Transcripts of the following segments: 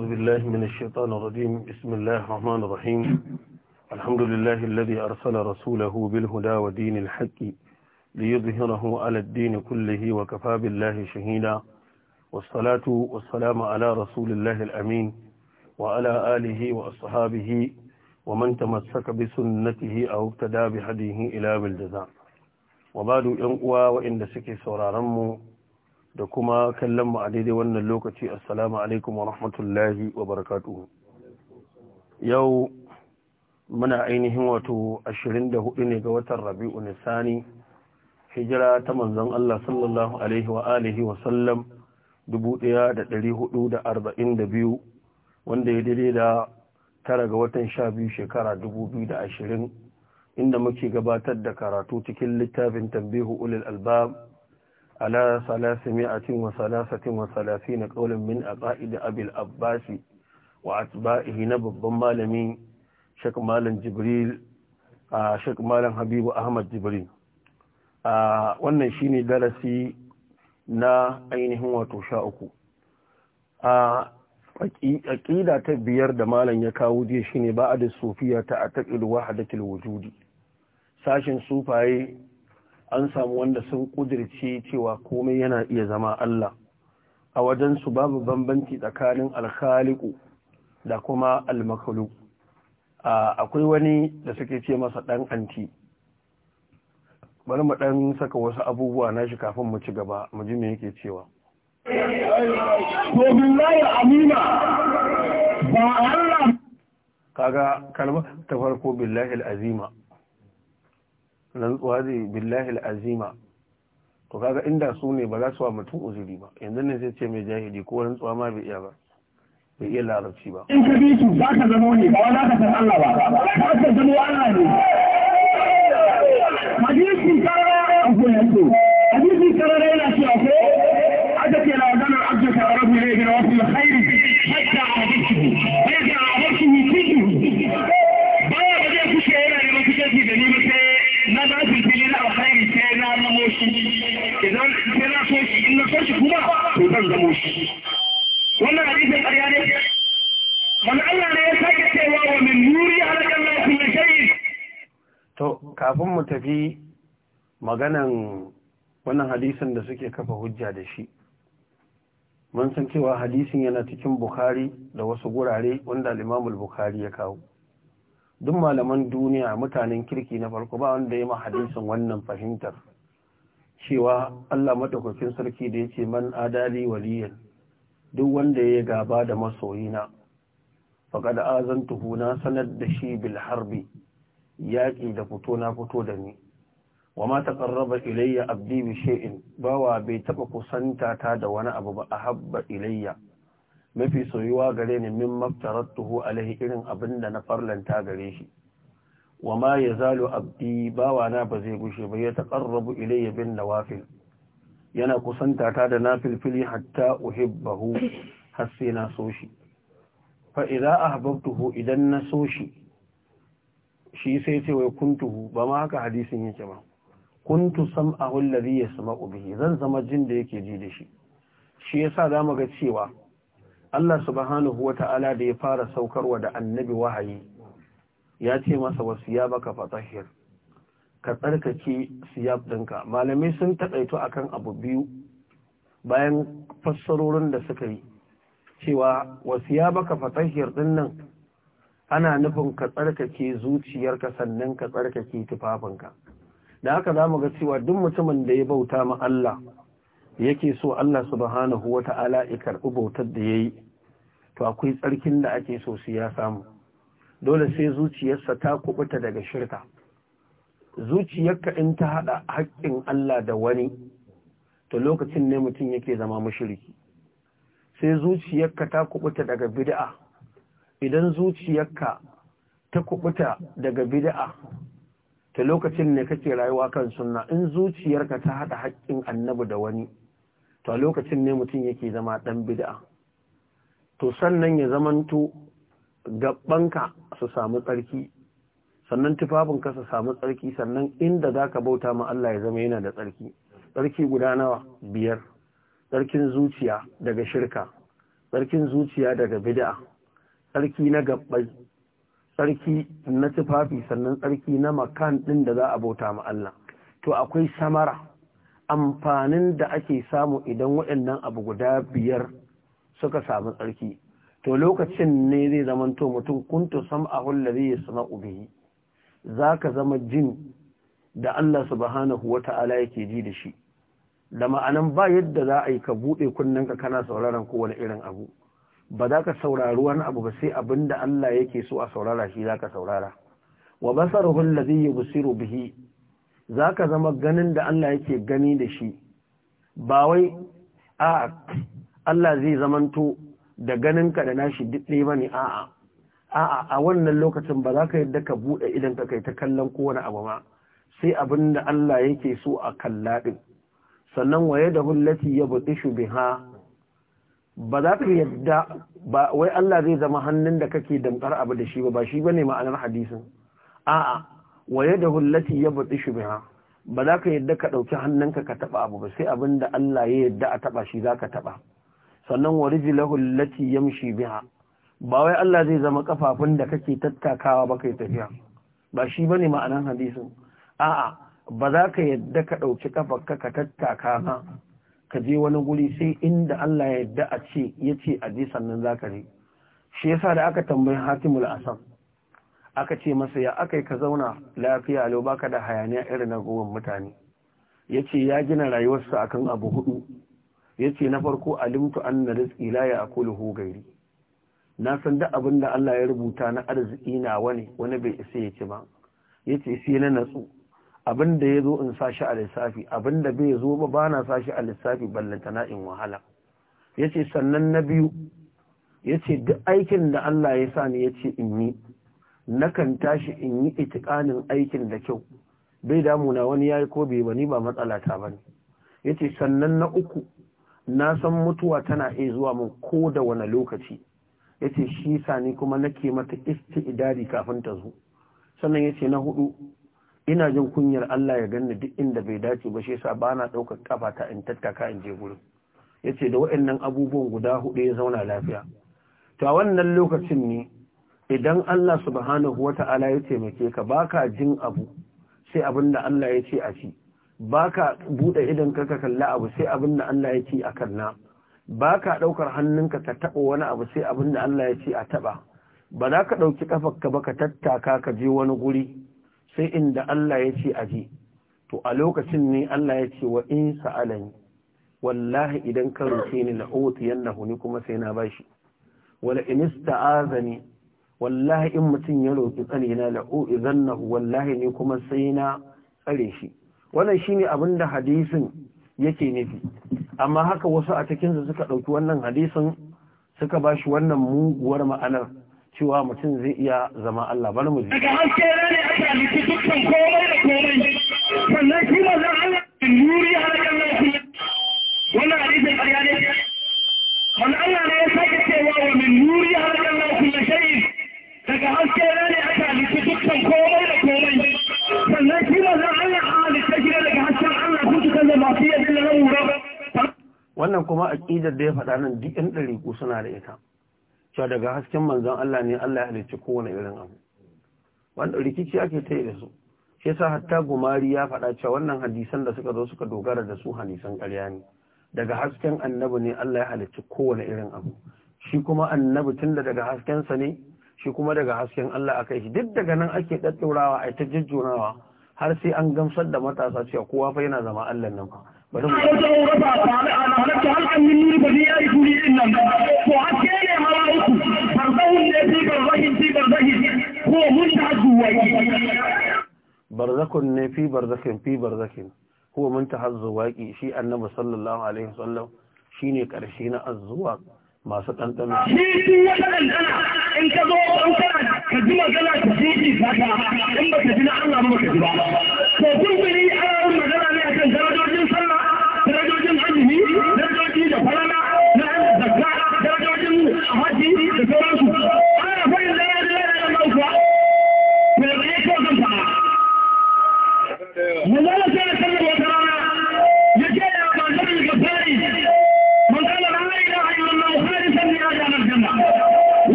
أعوذ بالله من الشيطان الرجيم بسم الله الرحمن الرحيم الحمد لله الذي أرسل رسوله بالهدى ودين الحق ليظهره على الدين كله وكفى بالله شهيدا والصلاة والسلام على رسول الله الأمين وعلى آله وأصحابه ومن تمسك بسنته أو ابتدى بهديه إلى بالجزاء وبعد ينقوى وإن سكي سرارمه da kuma kallon mu a daidai wannan lokaci assalamu alaikum wa rahmatullahi wa barakatuhu yau muna ainihin wato 24 ne ga watan rabi'u sani hijira ta manzon Allah sallallahu alaihi wa alihi wa sallam 1442 wanda ya daidai da tara ga watan 12 shekara 2020 inda muke gabatar da karatu cikin littafin tambihu ulil albab على ثلاثمائة وثلاثة وثلاثين قولا من أقائد أبي الأباس na نبب مالمي شك مالا جبريل شك مالا حبيب أحمد جبريل wannan shine darasi na ainihin wato sha uku a aƙida ta biyar da malam ya kawo jiya shine ba da sufiya ta ataƙil wahadatul wujudi sufaye an samu wanda sun kudirce cewa komai yana iya zama Allah a wajen su babu bambanci tsakanin alkhaliku da kuma almakalu akwai wani da suke ce masa ɗan anti bari mu dan saka wasu abubuwa na shi kafin mu ci gaba mu ji me yake cewa kaga kalmar ta farko billahi al'azima rantsuwa zai billahi azima to kaga inda su ne ba za su wa mutum uzuri ba yanzu ne sai ce mai jahili ko rantsuwa ma bai iya ba bai iya larabci ba in ka bi su za ka zama ne ba za ka san Allah ba za ka zama Allah ne hadisi ka a koyar wannan ƙarya ne Allah ya sake cewa wa min nuri shay to kafin mu tafi maganan wannan hadisin da suke kafa hujja da shi mun san cewa hadisin yana cikin Bukhari da wasu gurare wanda Limamul Bukhari ya kawo duk malaman duniya mutanen kirki na farko ba wanda ya ma hadisin wannan fahimtar cewa Allah madaukakin sarki da yace man adali waliyan duk wanda ya gaba da masoyina faqad azantuhu na sanad da shi bil harbi yaki da fito na fito da ni wa ma taqarraba ilayya abdi bi shay'in bawa bai taba kusanta ta da wani abu ba ahabba ilayya mafi soyuwa gare ni min maftaratuhu alaihi irin abinda na farlanta gare shi wa ma ya zalo abdi bawana ba zai gushe ba ya taƙarrabu ilayya bin nawafil yana kusanta ta da nafilfili hatta uhibbahu har sai na so shi fa idza ahbabtuhu idan na so shi shi sai ce wai kuntuhu ba ma haka hadisin yake ba kuntu sam'ahu alladhi yasma'u bihi zan zama jin da yake ji da shi shi yasa zamu ga cewa Allah subhanahu ta'ala da ya fara saukarwa da annabi wahayi ya ce masa wa siyaba ka fatahir ka tsarkake siyab ɗinka malamai sun a akan abu biyu bayan fassarorin da suka yi cewa wa siyaba ka fatahir ɗin nan ana nufin ka tsarkake zuciyarka sannan ka tsarkake tufafinka da haka za mu ga cewa duk mutumin da ya bauta ma Allah yake so Allah subhanahu wata'ala ya karɓi bautar da ya yi to akwai tsarkin da ake so su ya samu dole sai zuciyarsa ta kubuta daga shirka zuciyarka in ta hada haƙƙin Allah da wani to lokacin ne mutum yake zama mushriki sai zuciyarka ta kubuta daga bid'a idan zuciyarka ta kubuta daga bid'a to lokacin ne kake rayuwa kan sunna in zuciyarka ta hada haƙƙin annabi da wani to lokacin ne mutum yake zama dan bid'a to sannan ya zamanto gabbanka su samu tsarki sannan tufafinka su samu tsarki sannan inda za ka bauta ma Allah ya zama yana da tsarki tsarki guda nawa biyar tsarkin zuciya daga shirka tsarkin zuciya daga bid'a tsarki na gabbai tsarki na tufafi sannan tsarki na makan ɗin da za a bauta ma Allah to akwai samara amfanin da ake samu idan waɗannan abu guda biyar suka samu tsarki to lokacin ne zai zamanto mutum kuntu sam'ahu allazi yasma'u bihi ka zama jin da Allah subhanahu wa Ta'ala yake ji da shi da ma'anan ba yadda za a yi ka buɗe kunnen ka kana sauraron kowane irin abu ba za ka saurari wani abu ba sai abin da Allah yake so a saurara shi za ka saurara wa basaruhu allazi yubsiru bihi Za ka zama ganin da Allah yake gani da shi ba wai a Allah zai zamanto da ganin ka da nashi duk ɗaya bane a'a a'a a wannan lokacin ba za ka yadda ka buɗe idan ka kai ta kallon kowane abu ma sai abin da Allah yake so a kalla din sannan waye da hullati ya butishu biha ba za ka yadda ba wai Allah zai zama hannun da kake damkar abu da shi ba ba shi bane ma'anar hadisin a'a waye da hullati ya butishu biha ba za ka yadda ka ɗauki hannunka ka taba abu ba sai abin da Allah ya yadda a taba shi za ka taɓa sannan wa rijlahu allati yamshi biha ba wai Allah zai zama kafafun da kake tattakawa ba kai tafiya ba shi bane ma'anan hadisin a'a ba za ka yadda ka dauki kafarka ka tattaka ba ka je wani guri sai inda Allah ya yadda a ce yace a je sannan za ka je shi yasa da aka tambayi Hatimul Asam aka ce masa ya akai ka zauna lafiya lau baka da hayaniya irin na gowan mutane yace ya gina rayuwarsa akan abu hudu yace na farko alimtu anna rizqi la ya'kuluhu ghairi na san da abin da Allah ya rubuta na arziki na wani wani bai isa ya ci ba yace sai na natsu abin da yazo in sashi a lissafi abin da bai zo ba bana sashi a lissafi na in wahala yace sannan na biyu yace duk aikin da Allah ya sa yace in yi nakan tashi in yi itikanin aikin da kyau bai damuna wani yayi ko bai ba ni ba matsala ta bane yace sannan na uku na san mutuwa tana iya zuwa min ko da wani lokaci ya ce shi sa ni kuma nake mata idari kafin ta zo sannan ya ce na hudu ina jin kunyar Allah ya ganni duk inda bai dace ba shi yasa bana daukar kafa ta in tattaka in je gurin ya ce da waɗannan abubuwan guda hudu ya zauna lafiya to a wannan lokacin ne idan Allah subhanahu wata'ala ya taimake ka baka jin abu sai abinda Allah ya ce a ci ba ka buɗe idan ka ka kalli abu sai abin da Allah ya ce a kanna ba ka ɗaukar hannunka ka taɓa wani abu sai abin da Allah ya ce a taɓa ba za ka ɗauki ƙafarka ba ka tattaka ka je wani guri sai inda Allah ya ce a je to a lokacin ne Allah ya ce wa in sa'alani wallahi idan ka roke ni la utiyannahu ni kuma sai na bashi wala in ista'azani wallahi in mutun ya roki tsare na la uizannahu wallahi ni kuma sai na tsare shi wannan shine abin da hadisin yake nufi amma haka wasu a cikinsu suka ɗauki wannan hadisin suka ba shi wannan muguwar ma'anar cewa mutum zai iya zama Allah bari mu ji daga haske ne aka halitta dukkan komai da komai sannan shi ma zan Allah nuri har kan lafiya wannan hadisin ƙarya ne Wani Allah ne ya sake cewa wa min nuri har kan lafiya shay daga haske ne aka halitta dukkan komai da wannan kuma aƙidar da ya faɗa nan duk ɗan ɗariƙu suna da ita cewa daga hasken manzon Allah ne Allah ya halicci kowane irin abu wanda rikici ake ta yi da su shi yasa hatta gumari ya faɗa cewa wannan hadisan da suka zo suka dogara da su hadisan ƙarya ne daga hasken annabi ne Allah ya halicci kowane irin abu shi kuma annabi tun da daga haskensa ne shi kuma daga hasken Allah akai shi duk daga nan ake daddaurawa ai ta jujjunawa har sai an gamsar da matasa cewa kowa fa yana zama Allah nan fa bari mu ga ba ta ana halaka hal an yi ba ya yi kuri din nan ko haske ne mara uku barzahun ne fi barzahin fi barzahin ko mun ta zuwai barzakun ne fi barzakin fi barzakin huwa mun ta hazzu waqi shi annabi sallallahu alaihi wasallam shine karshe na azzuwa masu ɗanɗana Ni sun wata ɗanɗana in ka zo in ka ka ji magana ka ji ji in ba ka ji na Allah ba ka ji ba. To kun gani ana yin magana ne a kan gaba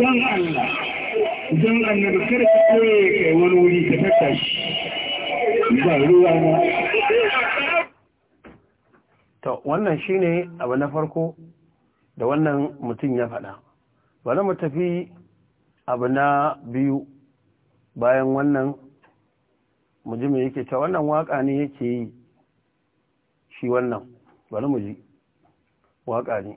don Allah don annabi kar ka koye kai wani wuri ka shi ba ruwa ba to wannan shine abu na farko da wannan mutum ya faɗa bari mu tafi abu na biyu bayan wannan mu ji yake ta wannan waka ne yake yi shi wannan bari mu ji waka ne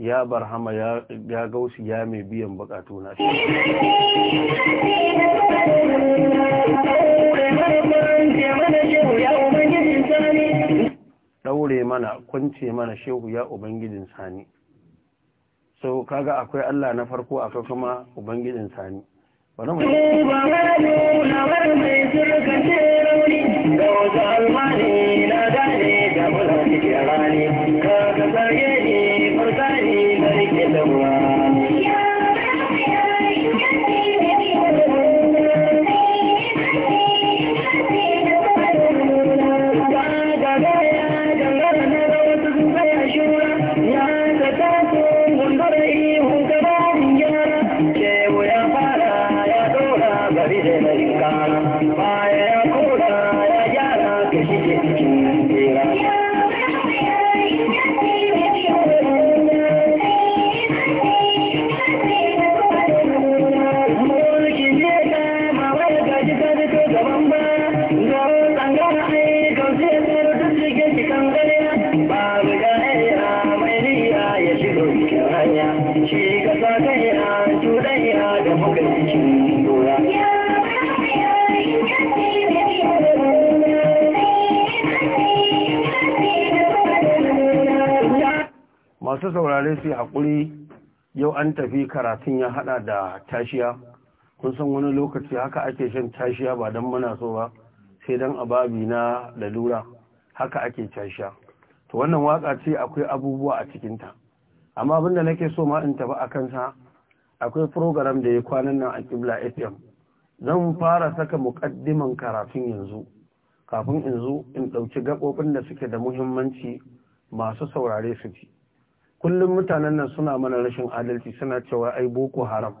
ya barhama ya gausu ya mai biyan bukatu na shi daure mana kwance mana shehu ya ubangijin sani so kaga akwai Allah na farko akwai kuma ubangijin sani bari mu rauni da wasu almani na gane da mulki rani kaga sarki الله masu saurare sai haƙuri yau an tafi karatun ya hada da tashiya kun san wani lokaci haka ake shan tashiya ba don muna so ba sai don ababi na lalura haka ake tashiya to wannan waka ce akwai abubuwa a cikinta amma abinda nake so ma in tafi a kansa akwai program da ya kwanan nan a kibla fm zan fara saka muƙaddiman karatun yanzu kafin in zo in ɗauki gaɓoɓin da suke da muhimmanci masu saurare su ci kullum mutanen nan suna mana rashin adalci suna cewa ai boko haram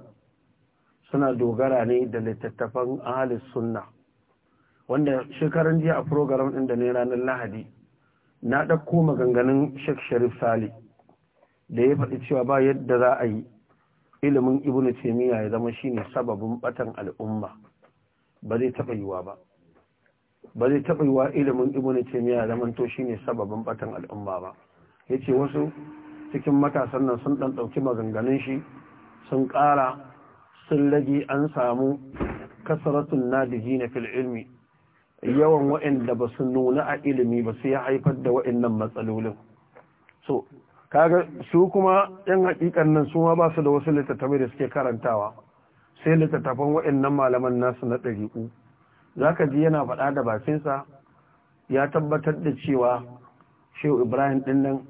suna dogara ne da littattafan ahalis sunna wanda shekaran jiya a program ɗin da ne ranar lahadi na ɗauko maganganun sheikh sharif sali da ya faɗi cewa ba yadda za a yi ilimin ibnu taymiya ya zama shine sababin batan al'umma ba zai taba yiwa ba ba zai taba yiwa ilimin ibnu taymiya ya zama to shine sababin batan al'umma ba yace wasu cikin matasan nan sun dan dauki maganganun shi sun ƙara sun lage an samu kasratun nadijina fil ilmi yawan waɗanda ba su nuna a ilimi ba su ya haifar da waɗannan matsalolin so kaga su kuma yan hakikan nan su ma ba da wasu littattafai da suke karantawa sai littattafan waɗannan malaman nasu na ɗariƙu za ka ji yana faɗa da bakinsa ya tabbatar da cewa shehu ibrahim ɗin nan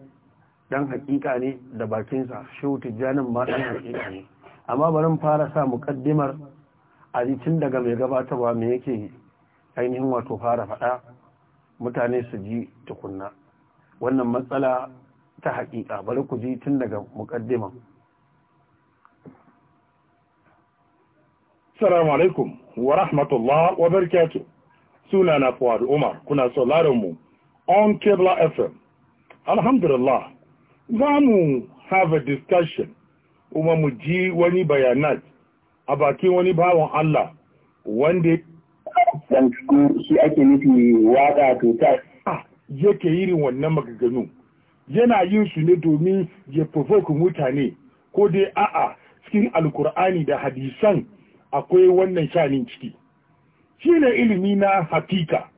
ɗan hakika ne da bakinsa shehu tijjanin ma ɗan hakika ne amma bari mu fara sa muƙaddimar a tun daga mai gabatarwa me yake ainihin wato fara faɗa mutane su ji tukunna wannan matsala ta haƙiƙa bari ku ji tun daga muƙaddima Salamu alaikum wa rahmatullah wa barkatu. suna na Fuad Umar kuna sauraron mu on Kebla FM Alhamdulillah za mu have a discussion kuma mu ji wani bayanat a bakin wani bawan Allah wanda Sanku shi ake nufi waka to ta ah, yake irin wannan magaganu yana yin su ne domin ya provoke mutane ko dai a'a cikin alkur'ani da hadisan akwai wannan shanin ciki shine ilimi na hakika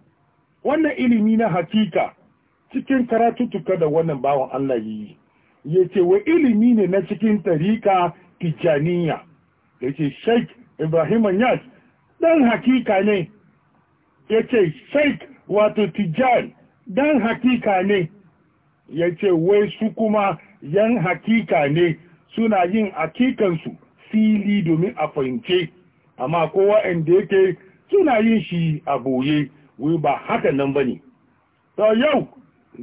wannan ilimi na hakika cikin tuka da wannan bawan Allah yi yace wa ilimi ne na cikin tarika tijaniya yace Sheikh Ibrahim Anyas dan hakika ne yace Sheikh wato tijan dan hakika ne ya ce wai su kuma yan hakika ne suna yin hakikansu fili domin a fahimce amma kowa inda yake suna yin shi a boye wai ba haka nan ba ne to yau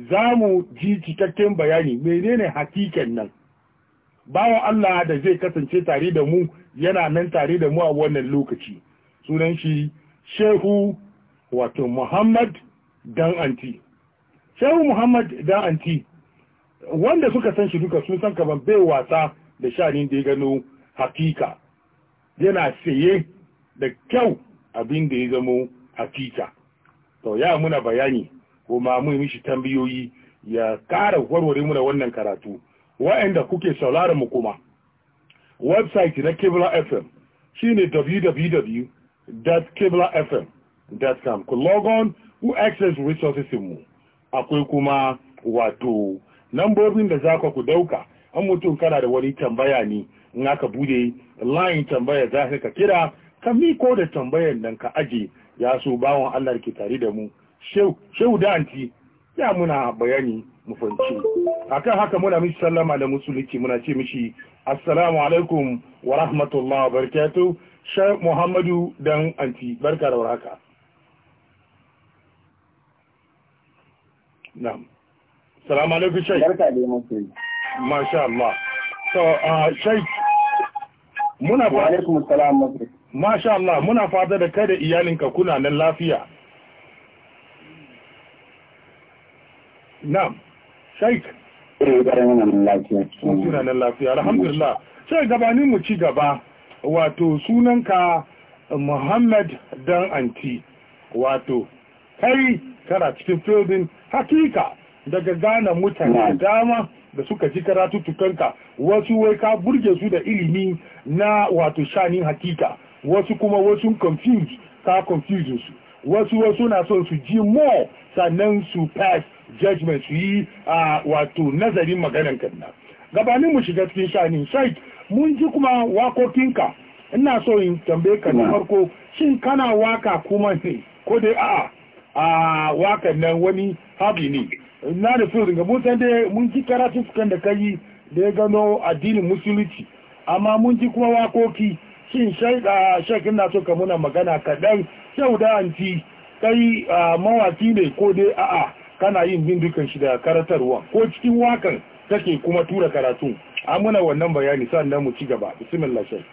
za mu ji cikakken bayani menene hakikan nan bawan Allah da zai kasance tare da mu yana nan tare da mu a wannan lokaci sunan shi shehu wato muhammad dan anti shehu muhammad da anti wanda suka san shi duka sun san kaban bai wasa da shanin da ya gano hakika yana saye da kyau abin da ya zamo hakika to ya muna bayani kuma mun mishi tambayoyi ya kara warware muna wannan karatu wa'anda kuke sauraron mu kuma website na Kibla FM shine www.kiblafm.com ku log on ku access resources mu akwai kuma wato lambobin da za ku dauka an mutum kana da wani tambaya ne in aka bude layin tambaya za ka kira ka miko da tambayan nan ka aje ya so bawon Allah ke tare da mu shehu da anti ya muna bayani mu fahimci akan haka muna mishi sallama da musulunci muna ce mishi assalamu alaikum wa rahmatullahi wa barakatuh shehu Muhammadu dan anti barka da warhaka na'am salamu alaikum shai barka da masu masha Allah so uh, shai muna fata alaikum salam masu masha Allah muna fata da kai da iyalinka kuna nan lafiya Na shai kuna nan lafiya alhamdulillah shai gabanin mu ci gaba wato sunanka Muhammad dan anti wato kai kana cikin fildin hakika daga gane mutane dama da suka ji karatutukanka wasu wai ka burge su da ilimi na wato shanin hakika wasu kuma wasu confuse ka confuse su wasu wasu na son su ji mo sannan su pass judgment su yi a wato nazarin maganan kanna gabanin mu shiga cikin shani shaik mun ji kuma wakokinka ina so in tambaye ka na farko shin kana waka kuma ne ko dai a'a a wakan nan wani habi ne na da firin ga mun da dai mun ji karatukan da kai da ya gano addinin musulunci amma mun ji kuma wakoki shin shaida shekin na so ka muna magana kaɗan kyau da anti kai mawaki ne ko dai a'a kana yin bin dukan shi da karatarwa ko cikin wakan take kuma tura karatu a muna wannan bayani sannan mu ci gaba bismillah shai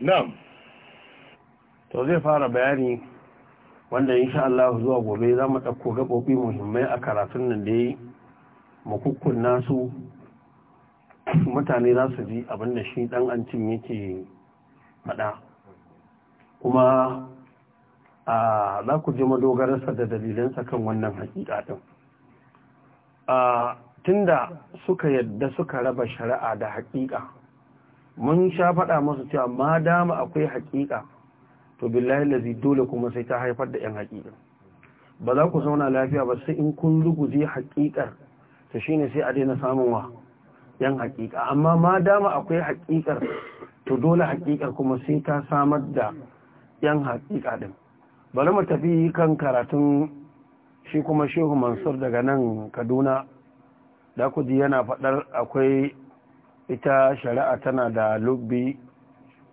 na'am to zai fara bayani wanda insha Allah zuwa gobe za mu ɗauko gaɓoɓi muhimmai a karatun nan da yi mu su mutane za su ji abin da shi ɗan an yake faɗa kuma a za ku ji madogararsa da dalilansa kan wannan hakika ɗin a tunda suka yadda suka raba shari'a da hakika mun sha faɗa masu cewa ma dama akwai hakika to billahi lazi dole kuma sai ta haifar da yan haƙiƙa ba za ku zauna lafiya ba sai in kun ruguje haƙiƙar to shine sai a daina samun wa yan haƙiƙa amma ma dama akwai haƙiƙar to dole haƙiƙar kuma sai ta samar da yan haƙiƙa din bari mu tafi kan karatun shi kuma shehu mansur daga nan kaduna da ji yana faɗar akwai ita shari'a tana da lubbi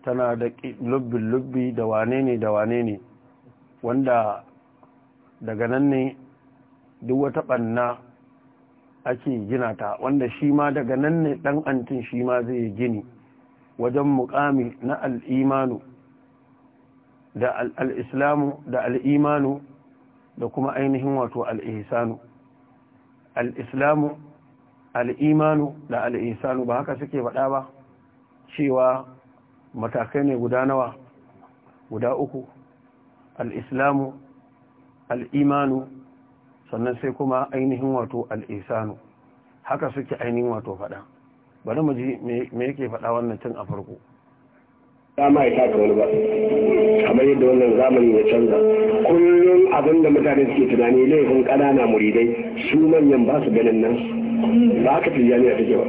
tana da lubbin lubbi da wane ne da wane ne wanda daga nan ne duk wata ɓanna ake gina ta wanda shi ma daga nan ne ɗan antin shi ma zai gini wajen mukami na al'imanu da al'islamu da al'imanu da kuma ainihin wato al'ihisanu al'islamu al'imanu da al'isanu ba haka suke faɗa ba cewa matakai ne guda nawa guda uku al'islamu al'imanu sannan sai kuma ainihin wato al'isanu haka suke ainihin wato faɗa bari mu ji me yake faɗa wannan tun a farko dama ya taka wani ba kamar yadda wannan zamani ya canza kullum abinda mutane suke tunani laifin ƙanana muridai su manyan ba su ganin nan ba haka tijjaniya take ba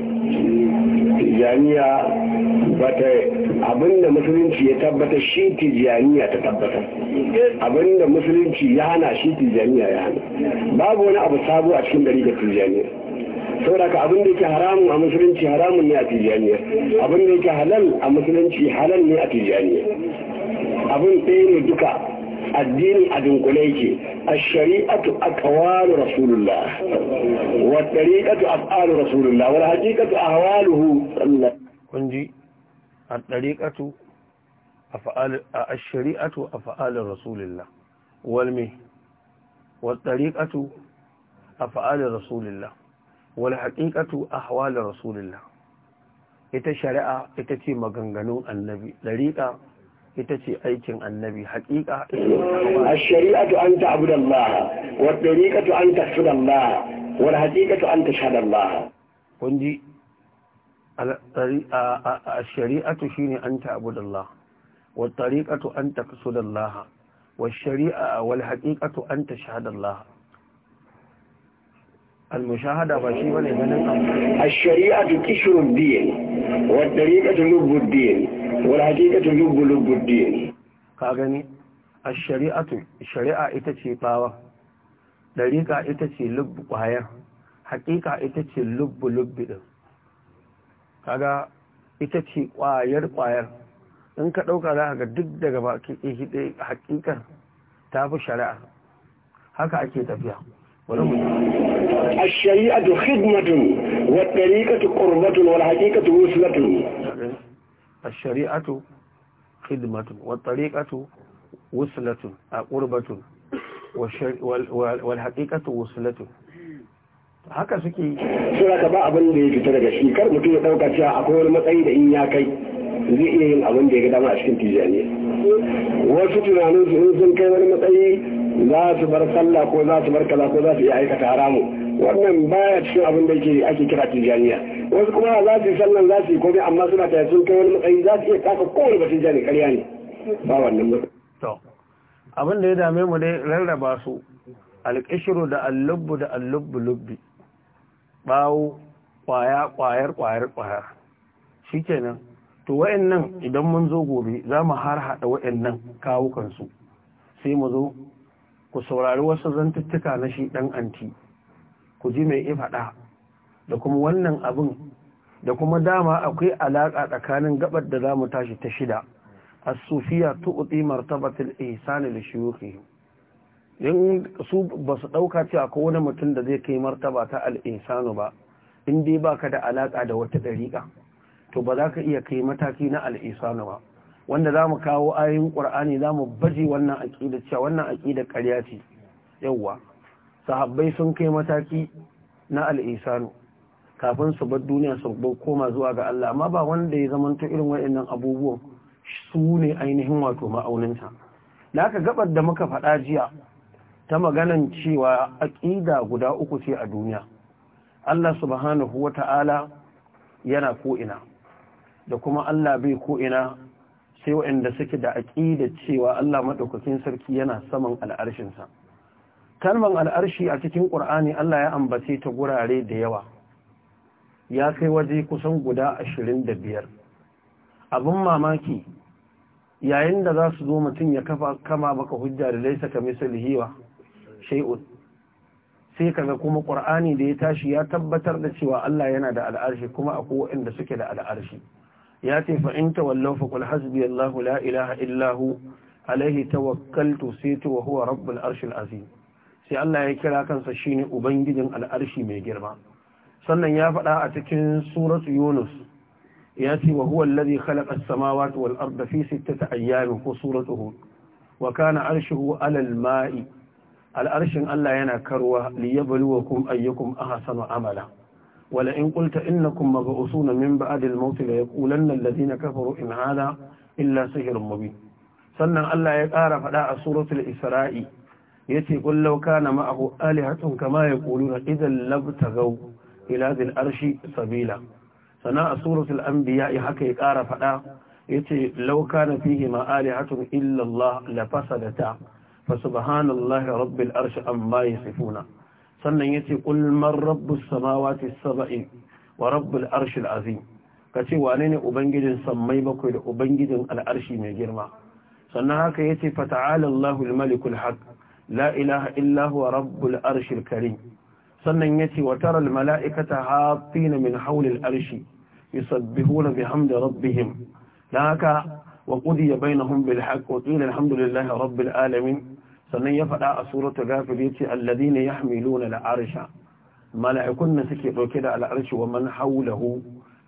tijjaniya bata abinda musulunci ya tabbata shi tijjaniya ta tabbata abinda musulunci ya hana shi tijjaniya ya hana babu wani abu sabo a cikin dari da tijjaniya saboda ka abin da yake haramun a musulunci haramun ne a tijjaniya abin da yake halal a musulunci halal ne a tijjaniya abin ɗaya ne duka addini a dunkule yake ash-shari'atu aqwalu rasulullah wa at-tariqatu af'alu rasulullah wal haqiqatu ahwaluhu kun ji at a af'al a shariatu af'alu rasulullah wal mi wat-tariqatu af'alu rasulullah wal haqiqatu ahwalu rasulullah ita shari'a ita ce maganganun annabi ɗariƙa. ita ce aikin annabi haƙiƙa a shari'atu an ta abu da wa ɗariƙatu an ta su da Allah wa haƙiƙatu an ta sha da kun ji a shari'atu shi ne an ta abu da wa ɗariƙatu an ta su da wa shari'a wal haƙiƙatu an ta sha da Allah المشاهدة بشيء ولا الشريعة كشر الدين والطريقة لب الدين wal haqiqatu lubbu lubbu din ka gani a shariatu shari'a ita ce bawa dariqa ita ce lubbu ƙwayar haqiqa ita ce lubu lubbu din kaga ita ce kwayar kwayar in ka ɗauka za ga duk daga baki hiɗe haqiqar ta fi shari'a haka ake tafiya الشريعة خدمة والطريقة قربة والحقيقة وصلة الشريعة خدمة والطريقة وصلة قربة والحقيقة وصلة haka suke sura ka ba abin da ya fita daga shi kar mutum ya dauka cewa akwai wani matsayi da in ya kai zai iya yin abin da ya gada a cikin tijaniya wasu tunanin su in sun kai wani matsayi za su bar sallah ko za su bar kaza ko za su iya aikata haramu wannan baya cikin abin da ake kira tijaniya wasu kuma za su yi sannan za su yi komai amma suna ta sun kai wani matsayi za su iya kasa kowane batun jani karya ne ba wannan mutum. abin da ya dame mu dai rarraba su alƙishiru da allubbu da allubbu lubbi bawo ƙwaya ƙwayar ƙwayar ƙwayar shi nan to wa'annan idan mun zo gobe za mu har haɗa wa'annan kawukansu sai mu zo ku saurari wasu zantuttuka na shi ɗan anti ku ji mai ifaɗa da kuma wannan abin da kuma dama akwai alaƙa tsakanin gabar da za mu tashi ta shida A sufiya tu'ti martabatul ihsan da shi in su ba su ɗauka cewa ko wani mutum da zai kai martaba ta al ba in dai baka da alaƙa da wata ɗariƙa. to ba za ka iya kai mataki na al ba wanda za mu kawo ayoyin za mu baje wannan da cewa wannan da ƙarya ce yawwa. sahabbai sun kai mataki na al kafin su bar duniya su koma zuwa ga Allah amma ba wanda ya zamanta irin wa'annan abubuwan su ne ainihin wato ma'auninta. da aka gabar da muka faɗa jiya ta maganan cewa aƙida guda uku ce a duniya Allah subhanahu wa ta'ala yana ko'ina da kuma Allah bai ko'ina sai waɗanda suke da aƙida cewa Allah maɗaukakin sarki yana saman al'arshinsa kalman al'arshi a cikin ƙur'ani Allah ya ambace ta gurare da yawa ya kai waje kusan guda ashirin da biyar abin mamaki yayin da za su zo mutum ya kafa kama baka hujja da laisa ka misalihiwa shai'un sai kaga kuma ƙur'ani da ya tashi ya tabbatar da cewa Allah yana da al'arshi kuma akwai waɗanda suke da al'arshi ya ce fa in tawallaw fa qul hasbiyallahu la ilaha alaihi tawakkaltu sai ta wa huwa rabbul arshil azim sai Allah ya kira kansa shine ubangijin al'arshi mai girma sannan ya faɗa a cikin suratu yunus ya ce wa huwa allazi khalaqa as-samawati wal arda fi sittati ayyamin ko suratuhu wa kana arshuhu ala al-ma'i al-arshin Allah yana karwa liyabluwakum ayyukum ahsanu amala wala in qulta innakum mab'usuna min ba'di al-maut la yaqulanna alladhina kafaru in hadha illa sihrun mubin sannan Allah ya ƙara faɗa a suratul isra'i yace qul law kana ma'ahu alihatun kama yaquluna idan labtagaw ila zil arshi sabila sana a suratul anbiya haka ya ƙara faɗa yace law kana fihi ma alihatun illa Allah la fasadata fa subhanallahi rabbil arshi amma yasifuna sannan yace qul man rabbus samawati sabi wa rabbul arshil azim kace wane ne ubangijin sammai bakwai da ubangijin al'arshi mai girma sannan haka yace fata'ala Allahul malikul haq la ilaha illa huwa rabbul arshil karim sannan yace wa taral mala'ikata hafina min hawlil arshi yusabbihuna bihamdi rabbihim dan haka wa qudiya bainahum bil haqq wa qila alhamdulillahi rabbil alamin sannan ya faɗa a suratul ghafir yace alladhina yahmiluna al arsha mala'ikun da suke dauke da al arshi wa man hawlahu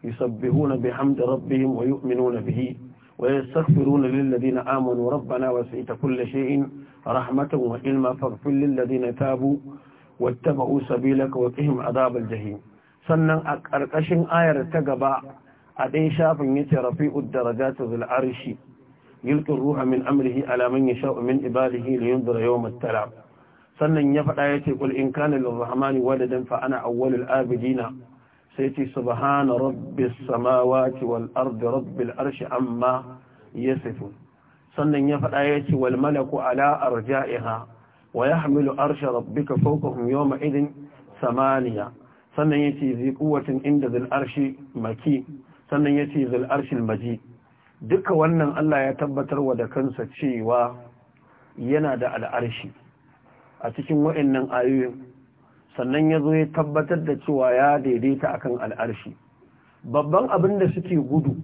yusabbihuna bihamdi rabbihim wa yu'minuna bihi wa ويستغفرون للذين آمنوا ربنا وسعت rahmatan wa ilma وإلما فاغفر للذين tabu واتبعوا سبيلك وقهم عذاب الجحيم sannan a ƙarƙashin ayar ta gaba a ɗaya shafin yace rafi'ud darajatu zul arshi yulqi ruha min amrihi ala man min ibadihi li yunzira yawm at sannan ya faɗa yace qul in kana lirrahmani waladan fa ana awwalul abidina sai yace subhana rabbis samawati wal ardi rabbi arshi amma yasifun sannan ya faɗa yace wal malaku ala arja'iha wa yahmilu arsha rabbika fawqahum yawma idin samaniya sannan yace zai kuwatin inda zil arshi maki sannan yace zil arshil maji duka wannan Allah ya tabbatar wa da kansa cewa yana da al'arshi a cikin wa'annan ayoyin sannan ya zo ya tabbatar da cewa ya daidaita akan al'arshi babban abin da suke gudu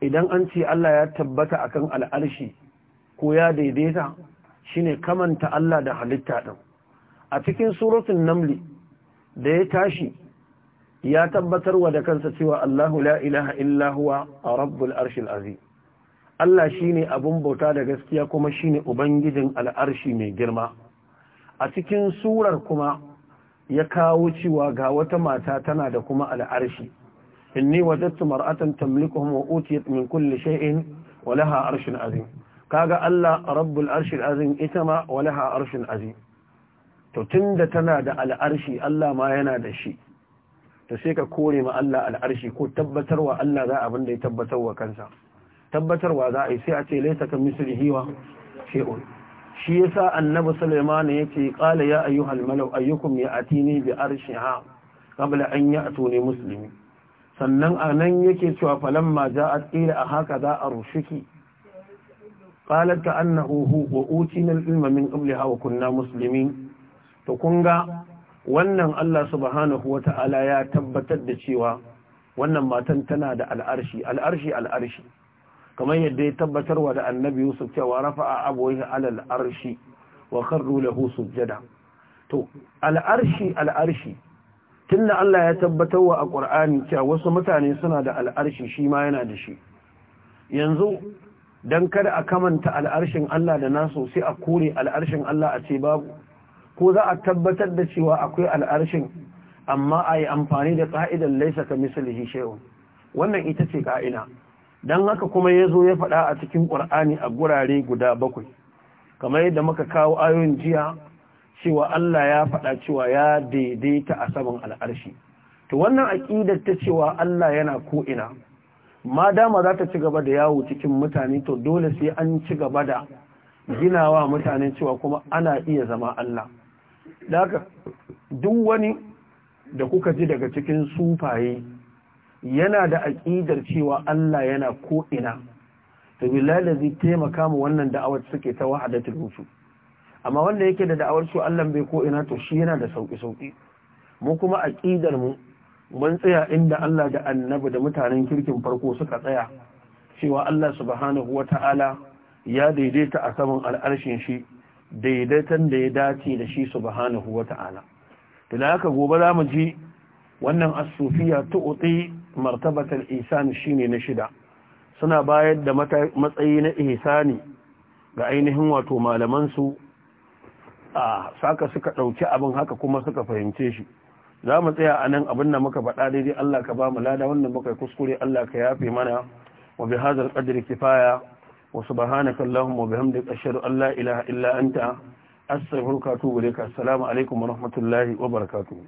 idan an ce Allah ya tabbata akan al'arshi ko ya daidaita shine kamanta Allah da halitta din a cikin suratul namli da ya tashi ya tabbatar wa da kansa cewa Allahu la ilaha illa huwa rabbul arshil azim Allah shine abun bauta da gaskiya kuma shine ubangijin al'arshi mai girma a cikin surar kuma ya kawo cewa ga wata mata tana da kuma al'arshi inni wajadtu mar'atan tamlikuhum wa utiyat min kulle shay'in wa laha arshun azim kaga Allah rabbul arshil azim ita ma walaha arshin azim to tunda tana da al'arshi Allah ma yana da shi to sai ka kore ma Allah al'arshi ko tabbatarwa Allah za abin da ya tabbatarwa kansa tabbatarwa za a yi sai a ce laisa ka mislihi wa shay'un shi yasa annabi Sulaiman yace qala ya ayyuhal malau ayyukum ya'tini bi arshiha qabla an ya'tuni muslimin sannan anan yake cewa falamma ja'at ila haka za a rushiki qalat ka annahu hu wa utina al-ilma min qabliha kunna muslimin to wannan Allah subhanahu Ta'ala ya tabbatar da cewa wannan matan tana da al'arshi al'arshi al'arshi kamar yadda ya tabbatarwa da annabi Yusuf cewa rafa'a abawaihi alal arshi wa kharru lahu sujjada to al'arshi al'arshi tunda Allah ya tabbatar wa a ƙur'ani cewa wasu mutane suna da al'arshi shi ma yana da shi yanzu don kada a kamanta al'arshin Allah da nasu sai a kore al'arshin Allah a ce babu ko za a tabbatar da cewa akwai al'arshin amma a yi amfani da ƙa'idar laisa ka misali shehu wannan ita ce ƙa'ina. don haka kuma ya zo ya faɗa a cikin ƙwar'ani a gurare guda bakwai kamar yadda muka kawo ayoyin jiya cewa Allah ya faɗa cewa ya daidaita a al'arshi to wannan aƙidar ta cewa Allah yana ko'ina ma dama za ta ci gaba da yawo cikin mutane to dole sai an ci gaba da ginawa mutane cewa kuma ana iya zama Allah daga duk wani da kuka ji daga cikin sufaye yana da aƙidar cewa Allah yana ko'ina to billahi da zai taimaka mu wannan da'awar suke ta wahadatul wusu amma wanda yake da da'awar cewa Allah bai ko'ina to shi yana da sauki sauki mu kuma aqidar mu mun tsaya inda Allah da annabi da mutanen kirkin farko suka tsaya cewa Allah subhanahu ta'ala ya daidaita a saman al'arshin shi daidaitan da ya dace da shi subhanahu wata'ala to da haka gobe za mu ji wannan as-sufiya tu'ti martabatar ihsan shine na shida suna bayar da matsayi na ihsani ga ainihin wato malaman su a saka suka dauki abin haka kuma suka fahimce shi za mu tsaya a nan abin da muka faɗa daidai Allah ka ba mu lada wannan muka kuskure Allah ka yafe mana wa bi hadzal qadri kifaya wa subhanaka allahumma wa bihamdika ashhadu an la ilaha illa anta astaghfiruka wa atubu ilaik assalamu alaikum wa rahmatullahi wa barakatuh